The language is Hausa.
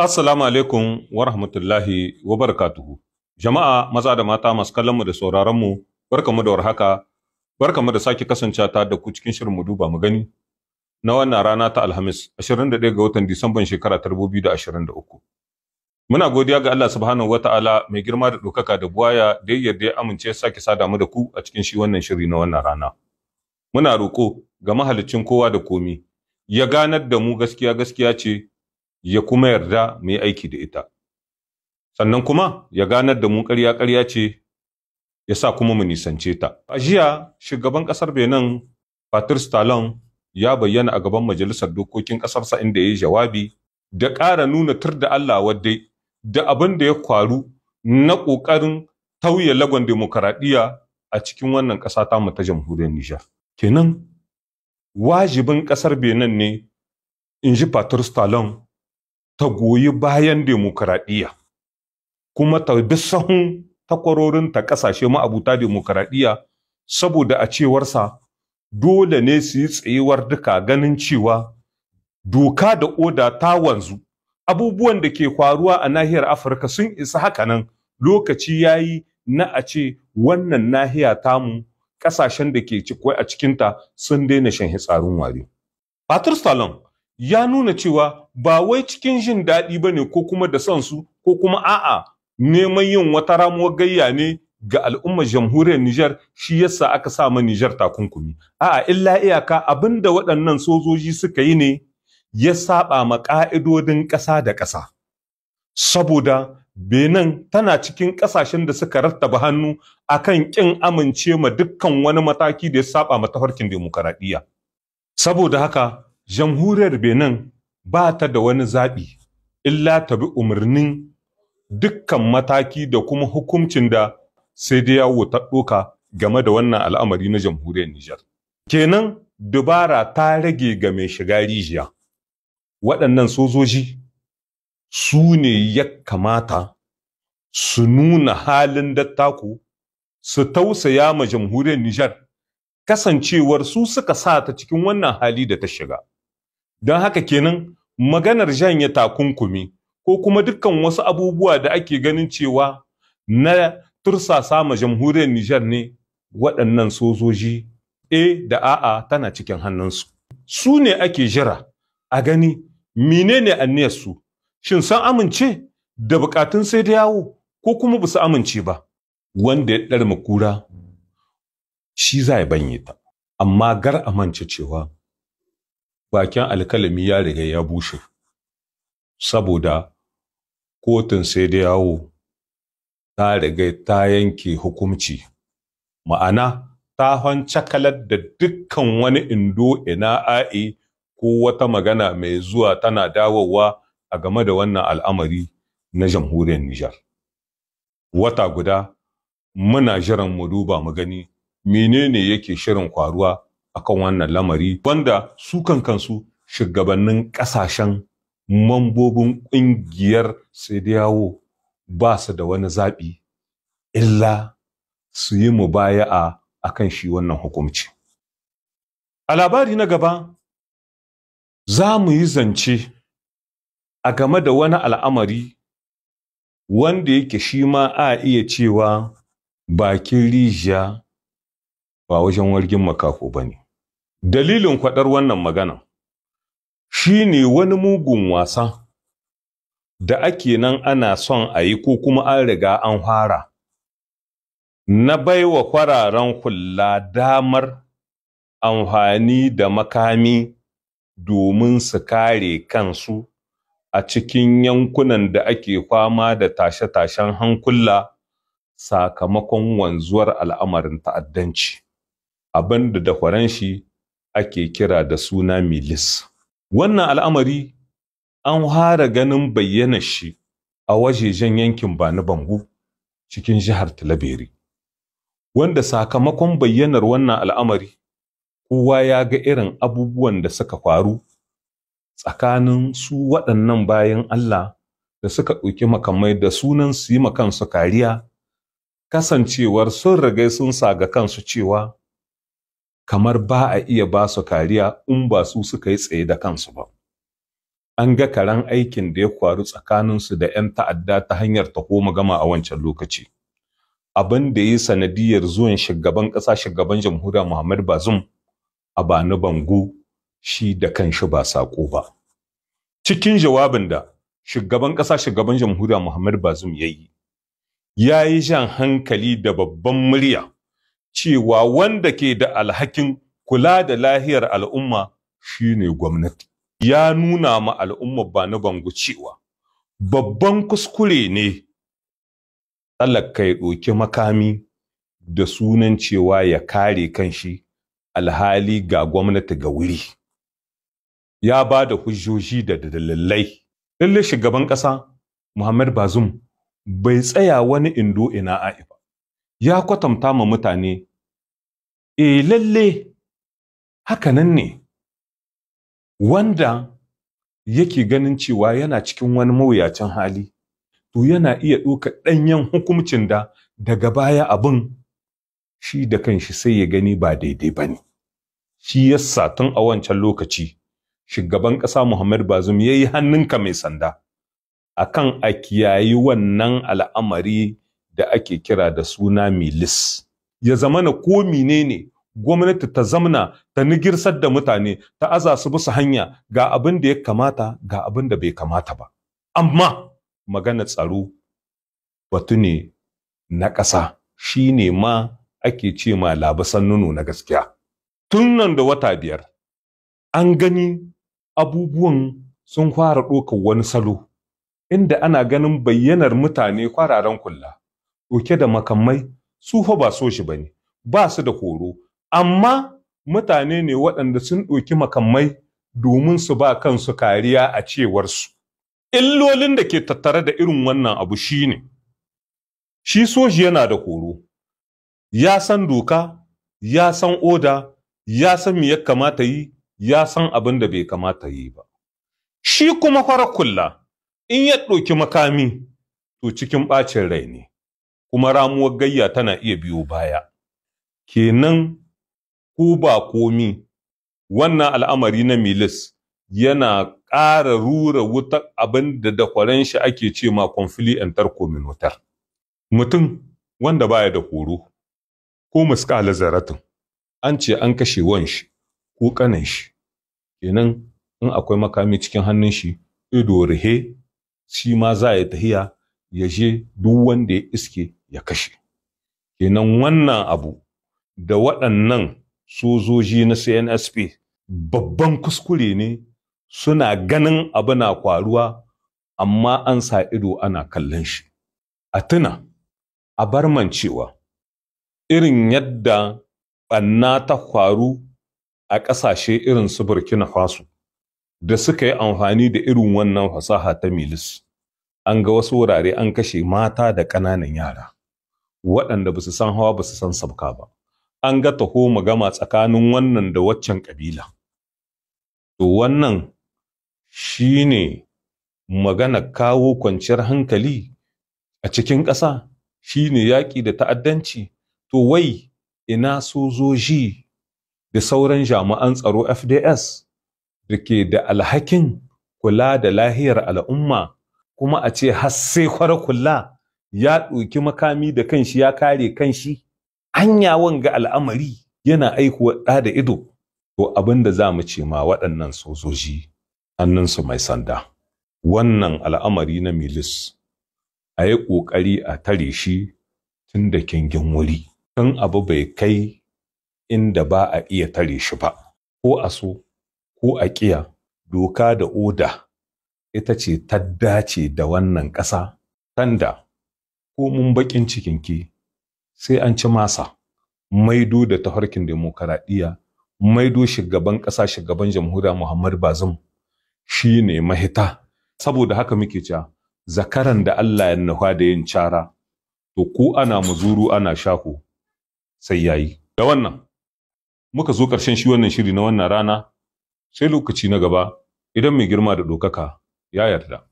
Assalamu alaikum wa rahmatullahi wa barakatuhu. Jama'a maza da mata masu mu da sauraronmu, barkamu da warhaka, barkamu da sake kasance ta da ku cikin shirin mu duba mu gani na wannan rana ta Alhamis, 21 ga watan Disamban shekara ta 2023. Muna godiya ga Allah subhanahu ta'ala, mai girma da ɗaukaka da buwaya da ya yarda ya amince ya sake sada mu da ku a cikin shi wannan shiri na wannan rana. Muna roƙo ga mahalicin kowa da komi, ya ganar da mu gaskiya gaskiya ce ya kuma yarda mu yi aiki da ita sannan kuma ya ganar da mu ƙarya karya ce ya sa kuma mu nisance ta a jiya shugaban ƙasar benin patrice talon ya bayyana a gaban majalisar dokokin ƙasarsa inda ya yi jawabi da ƙara nuna tur da allah wadai da abin da ya kwaru na ƙoƙarin tauye lagon demokaradiyya a cikin wannan ƙasa ta mu ta jamhuriyar nijar kenan wajibin ƙasar benin ne in ji patrice talon ta goyi bayan demokaradiyya kuma ta bi sahun takwarorin ta ƙasashe ma'abuta demokaradiyya saboda a cewarsa dole ne su yi tsayuwar duka ganin cewa doka da oda ta wanzu abubuwan da ke kwaruwa a nahiyar afirka sun isa hakanan lokaci ya yi na a ce wannan nahiya tamu ƙasashen da ke cikwai a cikinta sun daina shan hitsarin ware. Patrice Talon ya nuna cewa ba wai cikin jin daɗi ba ne ko kuma da son su ko kuma a'a neman yin wata ramuwar gayya ne ga al'ummar jamhuriyar Nijar shi yasa aka sa ma Nijar takunkumi a'a illa iyaka abinda waɗannan sojoji suka yi ne ya saɓa ma ƙa'idodin ƙasa da ƙasa saboda Benin tana cikin ƙasashen da suka rattaba hannu akan ƙin amince ma dukkan wani mataki da ya saɓa ma tafarkin dimokuraɗiyya, saboda haka Jamhuriyar Benin ba ta da wani zaɓi illa ta bi umarnin dukkan mataki da kuma hukuncin da sai dai yawo ta ɗoka game da wannan al'amari na jamhuriyar Nijar. Kenan dubara ta rage ga mai shiga rijiya. Waɗannan sojoji su ne ya kamata su nuna halin dattaku su tausaya ma jamhuriyar Nijar kasancewar su suka sa ta cikin wannan hali da ta shiga. don haka kenan maganar janye takunkumi ko kuma dukkan wasu abubuwa da ake ganin cewa na tursasa ma jamhuriyar Nijar ne waɗannan sojoji A da a'a tana cikin hannunsu. Su ne ake jira a gani menene su shin san amince da bukatun sai da yawo ko kuma ba amince ba wanda ya ɗarma kura shi za ya banye ta amma gar amince cewa bakin alkalami ya riga ya bushe saboda kotun sai da yawo ta riga ta yanke hukunci ma'ana ta cakalar da dukkan wani indo ina a'i ko wata magana mai zuwa tana dawowa a game da wannan al'amari na jamhuriyar Nijar. Wata guda muna jiran mu duba mu gani menene yake shirin kwaruwa akan wannan lamari wanda su kansu shugabannin ƙasashen mambobin ƙungiyar yawo ba su da wani zaɓi illa su yi mu mubaya'a akan shi wannan hukunci. A labari na gaba za mu yi zance a game da wani al'amari wanda yake shi ma a iya cewa bakin rijiya ba wajen wargin makako ba ne. dalilin kwaɗar wannan magana shi ne wani mugun wasa da ake nan ana son a yi ko kuma an riga an fara na baiwa kwararen hula damar amfani da makami domin su kare kansu a cikin yankunan da ake fama da tashe-tashen hankula sakamakon wanzuwar al'amarin ta'addanci abin da da shi ake kira da suna milis. Wannan al'amari an hara ganin bayyana shi a wajejen yankin Bani Bangu cikin jihar Talabere, wanda sakamakon bayyanar wannan al'amari kowa ya ga irin abubuwan da suka faru tsakanin su waɗannan bayan Allah da suka ɗauki makamai da sunan su yi makansu kariya, kasancewar sun rigai sun ga kansu cewa kamar ba a iya ba su kariya in ba su suka yi tsaye da kansu ba. An ga karan aikin da ya kwaru tsakaninsu da 'yan ta'adda ta hanyar ta koma gama a wancan lokaci. Abin da ya yi sanadiyar zuwan shugaban ƙasa shugaban jamhuriya Muhammad Bazum a bani bango shi da kanshi ba saƙo ba. Cikin jawabin da shugaban ƙasa shugaban jamhuriya Muhammad Bazum ya yi, ya yi jan hankali da babban murya cewa wanda ke da alhakin kula da lahiyar al'umma shine gwamnati ya nuna ma al'umma ba na bangu cewa babban kuskure ne talaka ya ɗoki makami da sunan cewa ya kare kanshi alhali ga gwamnati ga wuri ya ba da hujjoji da dalilai lallai shugaban ƙasa Muhammad Bazum bai tsaya wani indo ina a'ifa ya kwatanta ma mutane e lalle hakanan ne wanda yake ganin cewa yana cikin wani mawuyacin hali to yana iya ɗauka ɗanyen hukumcin da daga baya abin shi da kanshi sai ya gani ba daidai ba ne shi yasa tun a wancan lokaci shugaban ƙasa Muhammad Bazum ya yi hannunka mai sanda akan a kiyayi wannan al'amari da ake kira da suna milis ya zamana ko menene gwamnati ta zamna ta nigirsar da mutane ta aza su bisa hanya ga abin da ya kamata ga abin da bai kamata ba amma magana tsaro batu ne na ƙasa shi ne ma ake ce ma labasan nono na gaskiya tun nan da wata biyar an gani abubuwan sun fara ɗaukar wani salo inda ana ganin bayyanar mutane kwararen kulla ɗauke da makamai su fa ba so shi bane ba su da horo amma mutane ne waɗanda sun ɗauki makamai domin su ba kansu kariya a cewar cewarsu illolin da ke tattare da irin wannan abu shine shi soji yana da horo ya san doka ya san oda ya san me ya kamata yi ya san abin da bai kamata yi ba shi kuma fara kulla in ya ɗauki makami to cikin ɓacin rai ne kuma ramuwar gayya tana iya biyo baya kenan ku ba komi wannan al'amari na milis yana ƙara rura wuta abin da dakwaren shi ake ce ma 'yantar and tarkominutar mutum wanda baya da horo ko muskala zaratin an ce an kashe wan shi ko kanan shi kenan in akwai makami cikin hannun shi ido rihe shi ma za ya tahiya ya je duk wanda ya iske ya kashe kenan wannan abu da waɗannan sojoji na CNSP babban kuskure ne suna ganin abu na kwaruwa amma an sa ido ana kallon shi a tuna a man cewa irin yadda ɓanna ta kwaru a ƙasashe irin su burkina faso da suka yi amfani da irin wannan fasaha ta milis an ga wasu wurare an kashe mata da ƙananan yara waɗanda ba su san hawa ba su san sabka ba an ga taho magama tsakanin wannan da waccan ƙabila to wannan shi ne magana kawo kwanciyar hankali a cikin ƙasa shi ne yaƙi da ta'addanci to wai ina sojoji da sauran jami'an tsaro fds da ke da alhakin kula da lahiyar al'umma kuma a ce har sai kwara kula ya ɗauki makami da kanshi ya kare kanshi anya wanga al'amari yana aikuwa ɗa da ido to abin da za mu ce ma waɗannan sojoji hannunsu mai sanda wannan al'amari na milis a yi ƙoƙari a tare shi tun da kingin wuri tun abu bai kai inda ba a iya tare shi ba ko a so ko a ƙiya doka da oda ita ce ta dace da wannan ƙasa tanda komin baƙin cikinki sai an ci masa maido da tafarkin demokaradiyya maido shugaban ƙasa shugaban jamhuriya muhammad bazum shine ne mahita saboda haka muke cewa zakaran da allah ya nufa da yin cara to ko ana muzuru ana shaku sai yayi da wannan muka zo ƙarshen shi wannan shiri na wannan rana sai lokaci na gaba idan mai girma da dokaka ya yarda